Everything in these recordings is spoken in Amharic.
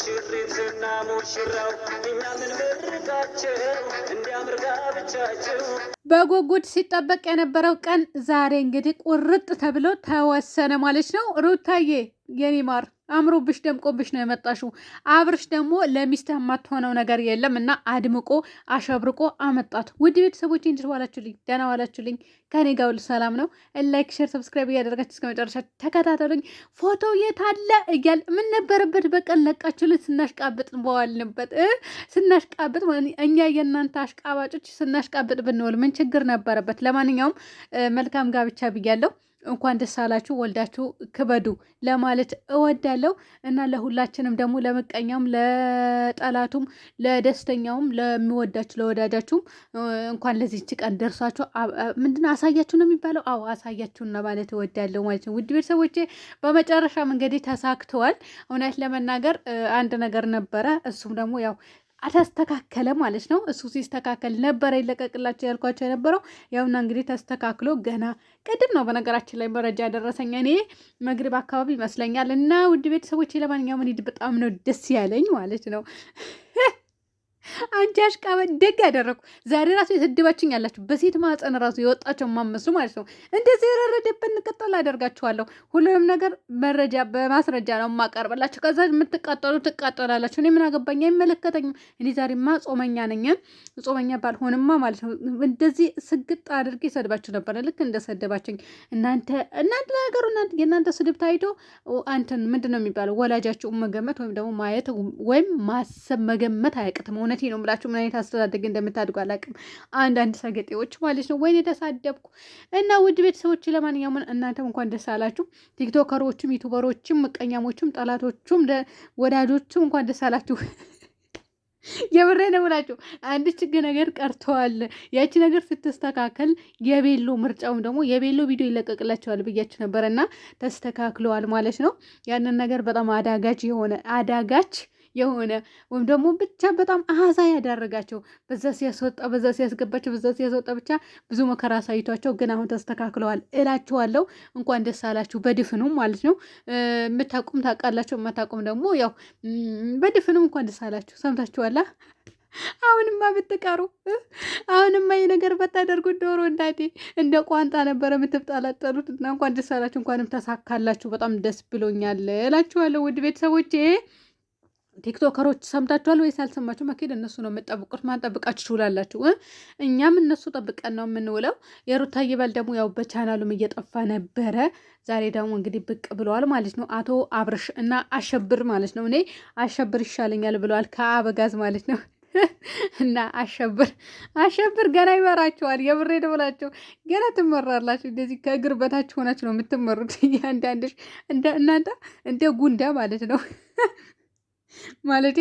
ሙሽሪትና ሙሽራው እኛ ምን መርቃቸው እንዲያምር ጋብቻቸው በጉጉድ ሲጠበቅ የነበረው ቀን ዛሬ እንግዲህ ቁርጥ ተብሎ ተወሰነ ማለት ነው። ሩታዬ የኔ ማር አምሮብሽ ደምቆብሽ ነው የመጣሽው። አብርሽ ደግሞ ለሚስትህ የማትሆነው ነገር የለም እና አድምቆ አሸብርቆ አመጣት። ውድ ቤተሰቦች እንዴት ዋላችሁልኝ? ደህና ዋላችሁልኝ? ከኔ ጋር ሁሉ ሰላም ነው። ላይክ፣ ሼር፣ ሰብስክራይብ እያደረጋችሁ እስከ መጨረሻ ተከታተሉኝ። ፎቶ የት አለ እያል ምን ነበረበት በቀን ለቃችሁልን ስናሽቃብጥ በዋልንበት ስናሽቃብጥ፣ እኛ የእናንተ አሽቃባጮች ስናሽቃብጥ ብንውል ምን ችግር ነበረበት? ለማንኛውም መልካም ጋብቻ ብያለሁ። እንኳን ደስ አላችሁ ወልዳችሁ ክበዱ ለማለት እወዳለሁ እና ለሁላችንም ደግሞ ለምቀኛም፣ ለጠላቱም፣ ለደስተኛውም፣ ለሚወዳችሁ ለወዳጃችሁም እንኳን ለዚች ቀን ደርሳችሁ ምንድነው አሳያችሁ ነው የሚባለው። አዎ አሳያችሁን ለማለት እወዳለሁ ማለት ነው። ውድ ቤተሰቦቼ በመጨረሻም እንግዲህ ተሳክተዋል። እውነት ለመናገር አንድ ነገር ነበረ። እሱም ደግሞ ያው ተስተካከለ ማለት ነው። እሱ ሲስተካከል ነበረ ይለቀቅላቸው ያልኳቸው የነበረው ያውና እንግዲህ ተስተካክሎ ገና ቅድም ነው በነገራችን ላይ መረጃ ያደረሰኝ እኔ መግሪብ አካባቢ ይመስለኛል። እና ውድ ቤተሰቦች ለማንኛውም በጣም ነው ደስ ያለኝ ማለት ነው። አንቺ ቃበ ደግ ያደረግኩ ዛሬ ራሱ የሰደባችኝ ያላችሁ በሴት ማፀን ራሱ የወጣቸው ማመሱ ማለት ነው። እንደዚህ የረረደብን እንቀጠል አደርጋችኋለሁ። ሁሉም ነገር መረጃ በማስረጃ ነው የማቀርብላችሁ። ከዛ የምትቃጠሉ ትቃጠላላችሁ። እኔ ምን አገባኝ? አይመለከተኝም። እኔ ዛሬማ ጾመኛ ነኝ። ጾመኛ ባልሆንማ ማለት ነው እንደዚህ ስግጥ አድርጌ ሰድባችሁ ነበር፣ ልክ እንደሰደባችኝ እናንተ እናንተ ነገሩ የእናንተ ስድብ ታይቶ አንተን ምንድን ነው የሚባለው ወላጃችሁ መገመት ወይም ደግሞ ማየት ወይም ማሰብ መገመት አያቅትም እውነት ነው የምላችሁ። ምን አይነት አስተዳደግ እንደምታድጉ አላውቅም። አንዳንድ ሰገጤዎች ማለት ነው። ወይኔ ተሳደብኩ እና ውድ ቤተሰቦች፣ ለማንኛውም እናንተም እንኳን ደስ አላችሁ። ቲክቶከሮችም፣ ዩቱበሮችም፣ ምቀኛሞችም፣ ጠላቶቹም፣ ወዳጆቹም እንኳን ደስ አላችሁ። የብሬ ነው ብላችሁ አንድ ችግ ነገር ቀርተዋል። ያቺ ነገር ስትስተካከል የቤሎ ምርጫውም ደግሞ የቤሎ ቪዲዮ ይለቀቅላቸዋል ብያችሁ ነበረና ተስተካክለዋል ማለት ነው። ያንን ነገር በጣም አዳጋች የሆነ አዳጋች የሆነ ወይም ደግሞ ብቻ በጣም አሃዛ ያዳረጋቸው በዛ ሲያስወጣ በዛ ሲያስገባቸው በዛ ሲያስወጣ ብቻ ብዙ መከራ አሳይቷቸው ግን አሁን ተስተካክለዋል እላችኋለሁ። እንኳን ደስ አላችሁ በድፍኑ ማለት ነው። የምታቁም ታውቃላችሁ፣ የማታቁም ደግሞ ያው በድፍኑም እንኳን ደስ አላችሁ። ሰምታችኋላ። አሁንማ ብትቀሩ አሁንማ ይህ ነገር በታደርጉ ዶሮ እንዳዴ እንደ ቋንጣ ነበረ የምትብጣላጠሉት እና እንኳን ደስ አላችሁ፣ እንኳንም ተሳካላችሁ። በጣም ደስ ብሎኛል እላችኋለሁ ውድ ቤተሰቦቼ። ቲክቶከሮች ሰምታችኋል ወይስ አልሰማችሁ? መኬድ እነሱ ነው የምጠብቁት። ማን ጠብቃችሁ ትውላላችሁ? እኛም እነሱ ጠብቀን ነው የምንውለው። የሩታ ይበል ደግሞ ያው በቻናሉም እየጠፋ ነበረ። ዛሬ ደግሞ እንግዲህ ብቅ ብለዋል ማለት ነው። አቶ አብርሽ እና አሸብር ማለት ነው። እኔ አሸብር ይሻለኛል ብለዋል ከአበጋዝ ማለት ነው። እና አሸብር አሸብር ገና ይመራችኋል። የብሬ ደብላቸው ገና ትመራላችሁ። እንደዚህ ከእግር በታች ሆናችሁ ነው የምትመሩት። እያንዳንድሽ እናንተ እንደ ጉንዳ ማለት ነው ማለቴ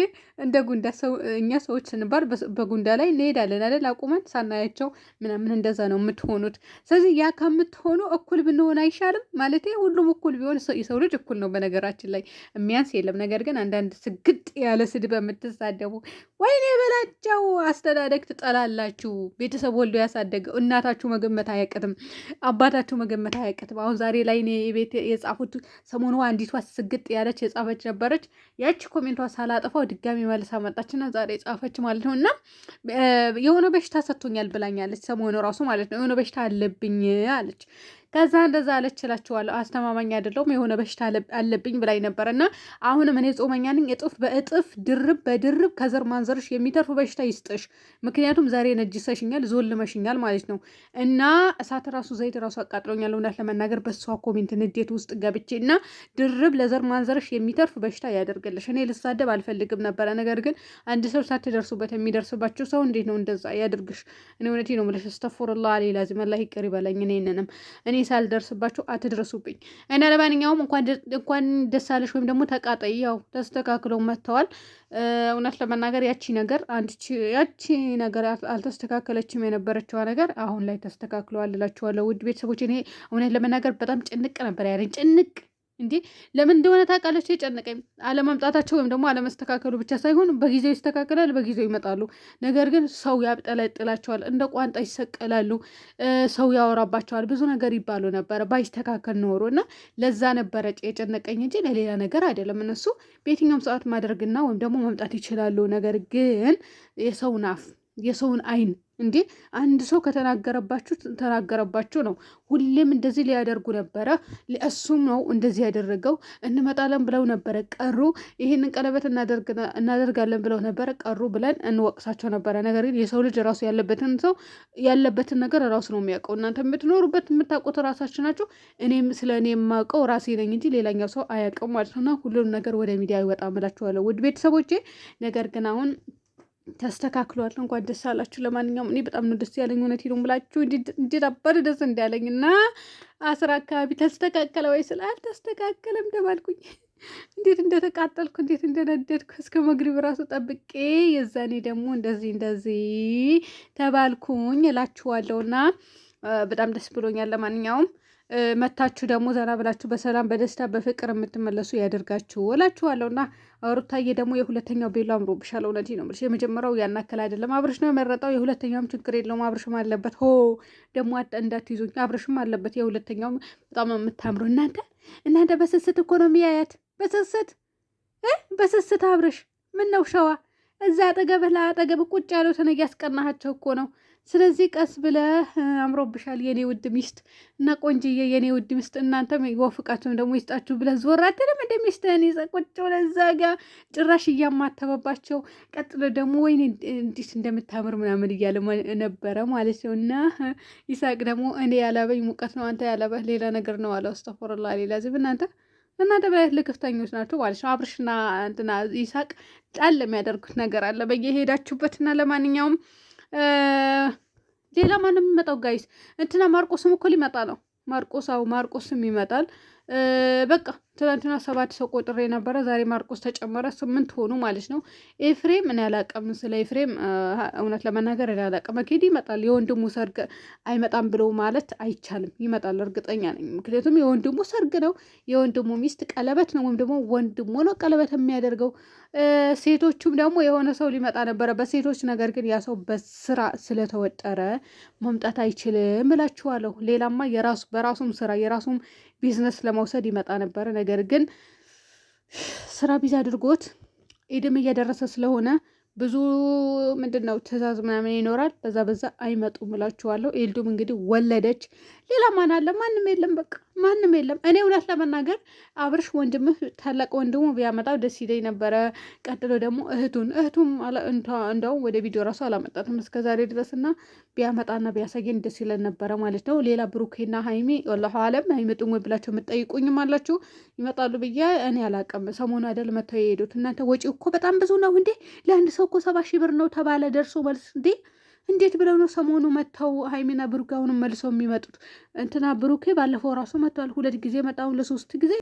እንደ ጉንዳ ሰው እኛ ሰዎች ስንባል በጉንዳ ላይ እንሄዳለን አይደል? አቁመን ሳናያቸው ምናምን እንደዛ ነው የምትሆኑት። ስለዚህ ያ ከምትሆኑ እኩል ብንሆን አይሻልም? ማለት ሁሉም እኩል ቢሆን የሰው ልጅ እኩል ነው በነገራችን ላይ የሚያንስ የለም። ነገር ግን አንዳንድ ስግጥ ያለ ስድብ የምትሳደቡ ወይኔ በላቸው አስተዳደግ ትጠላላችሁ። ቤተሰብ ወልዶ ያሳደገው እናታችሁ መገመት አያቅትም፣ አባታችሁ መገመት አያቅትም። አሁን ዛሬ ላይ ቤት የጻፉት ሰሞኑ አንዲቷ ስግጥ ያለች የጻፈች ነበረች። ያቺ ኮሜንቷ ሳላጠፋው ድጋሚ መልሳ መጣችና ዛሬ ጻፈች ማለት ነው። እና የሆነ በሽታ ሰጥቶኛል ብላኛለች። ሰሞኑ ራሱ ማለት ነው የሆነ በሽታ አለብኝ አለች። ከዛ እንደዛ አለች እላችኋለሁ። አስተማማኝ አይደለሁም የሆነ በሽታ አለብኝ ብላኝ ነበር እና አሁንም እኔ ጾመኛ ነኝ። እጥፍ በእጥፍ ድርብ በድርብ ከዘር ማንዘርሽ የሚተርፍ በሽታ ይስጥሽ። ምክንያቱም ዛሬ ነጅሰሽኛል፣ ዞልመሽኛል ማለት ነው እና እሳት ራሱ ዘይት ራሱ አቃጥሎኛል። እውነት ለመናገር በሷ ኮሜንት ንዴት ውስጥ ገብቼ እና ድርብ ለዘር ማንዘርሽ የሚተርፍ በሽታ ያደርግልሽ። እኔ ልሳደብ አልፈልግም ነበረ፣ ነገር ግን አንድ ሰው ሳትደርሱበት የሚደርስባቸው ሰው እንዴት ነው እንደዛ ያደርግሽ? እኔ እውነቴ ነው ምለሽ እስተፎርላ ሌላ ዚመላ ይቅር ይበለኝ እኔንንም እኔ እኔ ሳልደርስባችሁ አትድረሱብኝ። እና ለማንኛውም እንኳን ደስ አለሽ ወይም ደግሞ ተቃጠይ። ያው ተስተካክለው መጥተዋል። እውነት ለመናገር ያቺ ነገር ያቺ ነገር አልተስተካከለችም የነበረችዋ ነገር አሁን ላይ ተስተካክለዋል እላችኋለሁ ውድ ቤተሰቦች። እኔ እውነት ለመናገር በጣም ጭንቅ ነበር ያለኝ ጭንቅ እንዲህ ለምን እንደሆነ ታውቃለች። የጨነቀኝ አለመምጣታቸው ወይም ደግሞ አለመስተካከሉ ብቻ ሳይሆን በጊዜው ይስተካከላል፣ በጊዜው ይመጣሉ። ነገር ግን ሰው ያብጠለጥላቸዋል፣ እንደ ቋንጣ ይሰቀላሉ፣ ሰው ያወራባቸዋል፣ ብዙ ነገር ይባሉ ነበረ ባይስተካከል ኖሮ እና ለዛ ነበረ የጨነቀኝ እንጂ ለሌላ ነገር አይደለም። እነሱ በየትኛውም ሰዓት ማድረግና ወይም ደግሞ መምጣት ይችላሉ። ነገር ግን የሰውን አፍ የሰውን አይን እንዴ አንድ ሰው ከተናገረባችሁ ተናገረባችሁ ነው። ሁሌም እንደዚህ ሊያደርጉ ነበረ። እሱም ነው እንደዚህ ያደረገው። እንመጣለን ብለው ነበረ ቀሩ። ይህንን ቀለበት እናደርጋለን ብለው ነበረ ቀሩ ብለን እንወቅሳቸው ነበረ። ነገር ግን የሰው ልጅ ራሱ ያለበትን ሰው ያለበትን ነገር ራሱ ነው የሚያውቀው። እናንተ የምትኖሩበት የምታውቁት ራሳችሁ ናችሁ። እኔም ስለ እኔ የማውቀው ራሴ ነኝ እንጂ ሌላኛው ሰው አያውቅም ማለት ነውና ሁሉም ነገር ወደ ሚዲያ ይወጣ ምላችኋለሁ ውድ ቤተሰቦቼ። ነገር ግን አሁን ተስተካክሏል። እንኳን ደስ አላችሁ። ለማንኛውም እኔ በጣም ነው ደስ ያለኝ። እውነት ሄዱም ብላችሁ እንዴት አባቱ ደስ እንዳለኝ እና አስር አካባቢ ተስተካከለ ወይ ስለ አልተስተካከለም ደባልኩኝ። እንዴት እንደተቃጠልኩ እንዴት እንደነደድኩ እስከ መግሪብ ራሱ ጠብቄ የዛኔ ደግሞ እንደዚህ እንደዚህ ተባልኩኝ እላችኋለሁና በጣም ደስ ብሎኛል። ለማንኛውም መታችሁ ደግሞ ዘና ብላችሁ በሰላም በደስታ በፍቅር የምትመለሱ ያደርጋችሁ እላችኋለሁ። እና ሩታዬ ደግሞ የሁለተኛው ቤሎ አምሮብሻል። እውነቴን ነው የምልሽ። የመጀመሪያው ያናከል አይደለም አብርሽ ነው የመረጠው። የሁለተኛውም ችግር የለውም አብርሽም አለበት። ሆ ደግሞ እንዳትይዙኝ፣ አብርሽም አለበት። የሁለተኛውም በጣም የምታምሩ እናንተ እናንተ በስስት እኮ ነው የሚያያት። በስስት በስስት አብርሽ ምን ነው ሸዋ እዛ አጠገብህ ለአጠገብ ቁጭ ያለው ያሉትን ያስቀናሃቸው እኮ ነው ስለዚህ ቀስ ብለህ አምሮብሻል የኔ ውድ ሚስት እና ቆንጅዬ የኔ ውድ ሚስት እናንተም ወፍቃችሁም ደግሞ ይስጣችሁ ብለህ ዞር አትልም? እንደ ሚስትህን ይዘህ ቁጭ ብለህ ጋ ጭራሽ እያማተበባቸው፣ ቀጥሎ ደግሞ ወይኔ እንዲት እንደምታምር ምናምን እያለ ነበረ ማለት ነው። እና ይሳቅ ደግሞ እኔ ያላበኝ ሙቀት ነው አንተ ያላበህ ሌላ ነገር ነው አለ አስተፈረላ ሌላ ዝብ እናንተ እናንተ በላይ ልክፍተኞች ናቸው ማለት ነው። አብርሽና እንትና ይሳቅ ጣል የሚያደርጉት ነገር አለ በየሄዳችሁበትና ለማንኛውም ሌላ ማንም የሚመጣው ጋይስ እንትና ማርቆስም እኮ ሊመጣ ነው። ማርቆስ አው ማርቆስም ይመጣል። በቃ ትናንትና ሰባት ሰው ቆጥሬ ነበረ። ዛሬ ማርቆስ ተጨመረ፣ ስምንት ሆኑ ማለት ነው። ኤፍሬም እኔ አላቅም፣ ስለ ኤፍሬም እውነት ለመናገር እኔ አላቅም። መኬድ ይመጣል። የወንድሙ ሰርግ አይመጣም ብሎ ማለት አይቻልም። ይመጣል፣ እርግጠኛ ነኝ። ምክንያቱም የወንድሙ ሰርግ ነው፣ የወንድሙ ሚስት ቀለበት ነው፣ ወይም ደግሞ ወንድሙ ነው ቀለበት የሚያደርገው። ሴቶቹም ደግሞ የሆነ ሰው ሊመጣ ነበረ በሴቶች ነገር ግን ያ ሰው በስራ ስለተወጠረ መምጣት አይችልም እላችኋለሁ። ሌላማ የራሱ በራሱም ስራ የራሱም ቢዝነስ ለመውሰድ ይመጣ ነበረ። ነገር ግን ስራ ቢዚ አድርጎት ኢድም እየደረሰ ስለሆነ ብዙ ምንድን ነው ትእዛዝ ምናምን ይኖራል። በዛ በዛ አይመጡም እላችኋለሁ። ኤልዱም እንግዲህ ወለደች። ሌላ ማን አለ? ማንም የለም በቃ ማንም የለም። እኔ እውነት ለመናገር አብርሽ ወንድምህ ታላቅ ወንድሙ ቢያመጣው ደስ ይለኝ ነበረ። ቀጥሎ ደግሞ እህቱን እህቱም እንደውም ወደ ቪዲዮ ራሱ አላመጣትም እስከ ዛሬ ድረስ እና ቢያመጣና ቢያሳየን ደስ ይለን ነበረ ማለት ነው። ሌላ ብሩኬና ሀይሚ ወላሁ አለም አይመጡም ወይ ብላቸው የምጠይቁኝም አላችሁ። ይመጣሉ ብዬ እኔ አላውቅም። ሰሞኑ አይደል መተው የሄዱት እናንተ። ወጪ እኮ በጣም ብዙ ነው እንዴ! ለአንድ ሰው እኮ ሰባ ሺህ ብር ነው ተባለ ደርሶ መልስ እንዴ እንዴት ብለው ነው ሰሞኑ መጥተው ሀይሚና ብሩክ አሁንም መልሰው የሚመጡት? እንትና ብሩኬ ባለፈው ራሱ መጥተዋል። ሁለት ጊዜ መጣሁን ለሶስት ጊዜ